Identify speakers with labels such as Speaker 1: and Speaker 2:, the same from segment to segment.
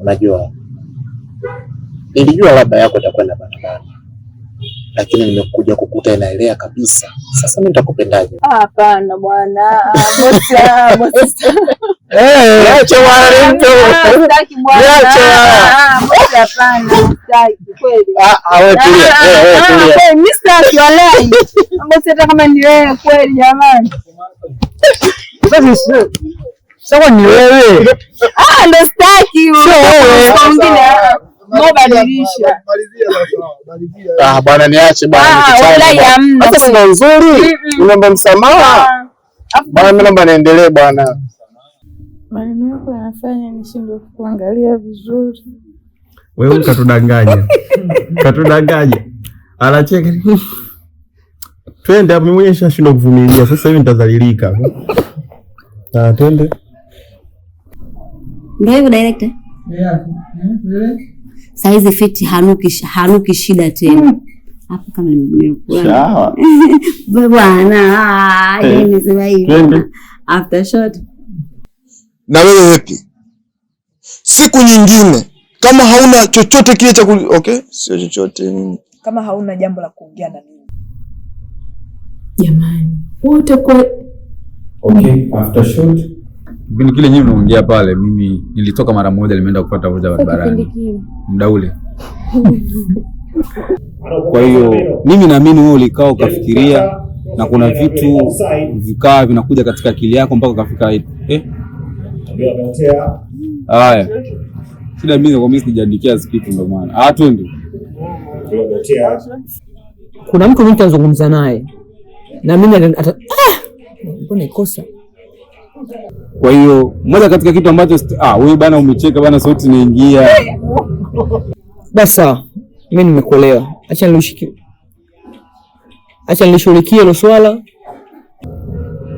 Speaker 1: Unajua, nilijua labda yako itakwenda barabara, lakini nimekuja kukuta inaelea kabisa. Sasa mimi nitakupendaje?
Speaker 2: Ah, hapana bwana, kama ni wewe kweli, jamani
Speaker 1: sasa ni wewe.
Speaker 2: Ah, ndo staki
Speaker 1: mwingine
Speaker 2: mabadilisha.
Speaker 1: Ah, bwana niache bwana.
Speaker 2: Ah, wallahi hamna.
Speaker 1: Sasa sina nzuri. Unaomba msamaha. Ah, bwana mimi naomba niendelee bwana.
Speaker 2: Maneno yako yanafanya nishindwe kuangalia vizuri.
Speaker 1: Wewe ukatudanganya. Katudanganya. Anacheka. Twende mimi mwenyewe kuvumilia. Sasa hivi nitadhalilika. Ah, twende
Speaker 3: ndio hivyo director eh? saizi fiti hanuki, hanuki shida tena hmm. hapo kama nimekula bwana, ah, eh. nimesema hivi after shot.
Speaker 1: Na wewe happy siku nyingine kama hauna chochote kile cha kuli... okay, sio chochote nini,
Speaker 2: kama hauna jambo la kuongea na mimi
Speaker 3: jamani, wote kwa
Speaker 1: okay after shot Kipindi kile nyinyi mnaongea pale, mimi nilitoka mara moja, nimeenda kupata oda barabarani muda ule. Kwa hiyo mimi naamini wewe ulikaa ukafikiria, yaani na kuna vitu vikaa vinakuja katika akili yako mpaka ukafika hivi eh? Haya, shida mimi kwa mimi sijaandikia script, ndio maana ah, twende.
Speaker 4: Kuna mtu mimi nitazungumza naye na mimi ah! mbona ikosa
Speaker 1: kwa hiyo moja katika kitu ambacho ah, wewe bana umecheka bana, sauti inaingia
Speaker 4: basi. Sawa, mimi nimekuelewa, acha nilishikie, acha nilishughulikie hilo swala.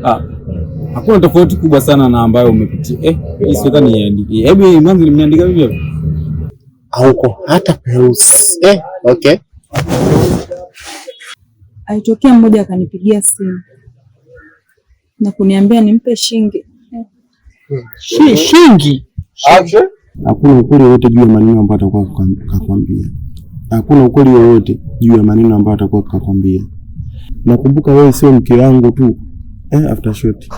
Speaker 1: Ah, hakuna tofauti kubwa sana na ambayo umepitia. Eh, hii swala niandike, hebu mwanzo nimeandika vipi hapo? Hauko hata peusi. Eh, okay,
Speaker 2: aitokea mmoja akanipigia simu na kuniambia nimpe shingi
Speaker 1: shi shingi. Hakuna ukweli wowote juu ya maneno ambayo atakuwa kakwambia, hakuna ukweli wowote juu ya maneno ambayo atakuwa kakwambia. Nakumbuka wewe sio mke wangu tu eh, after shot.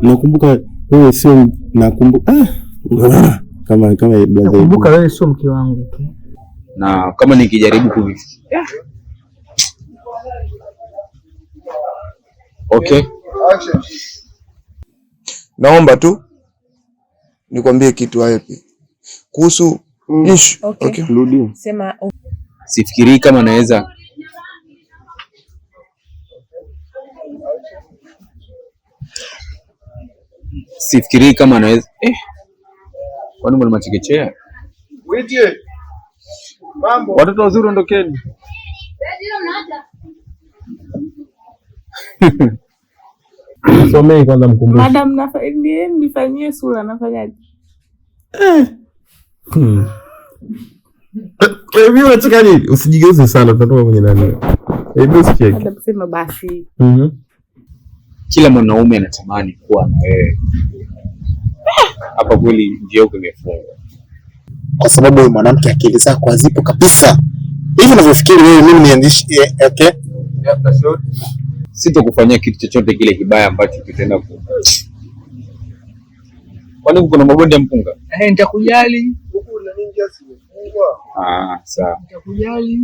Speaker 1: Nakumbuka wewe sio nakumbuka eh, kama kama brother,
Speaker 2: nakumbuka wewe sio mke wangu tu,
Speaker 1: na kama nikijaribu kuvi Okay. Naomba tu nikwambie kitu haepi kuhusu mm. issue. Okay. Okay. Rudi. Sema okay. Sifikirii kama naweza sifikirii kama naweza eh. Kwani mwana machekechea watoto wazuri ondokeni. Somei kwanza mkumbushe.
Speaker 2: Madam nifanyie sura nafanyaje?
Speaker 1: Baby eh. unataka hmm. eh, nini? Usijigeuze sana tunatoka kwenye nani. Baby usicheke. Madam
Speaker 2: sema basi. Mhm.
Speaker 1: Kila mwanaume anatamani kuwa na wewe. Eh. Hapa kweli ndio kimefungwa. Kwa sababu wewe mwanamke akili zako hazipo kabisa. Hivi unavyofikiri wewe mimi niandishi okay? After short sitokufanyia kitu chochote kile kibaya ambacho kitaenda ku kwani huko na mabonde ya mpunga
Speaker 2: eh, nitakujali
Speaker 5: huko na nini kiasi mpunga.
Speaker 1: Ah, sawa,
Speaker 2: nitakujali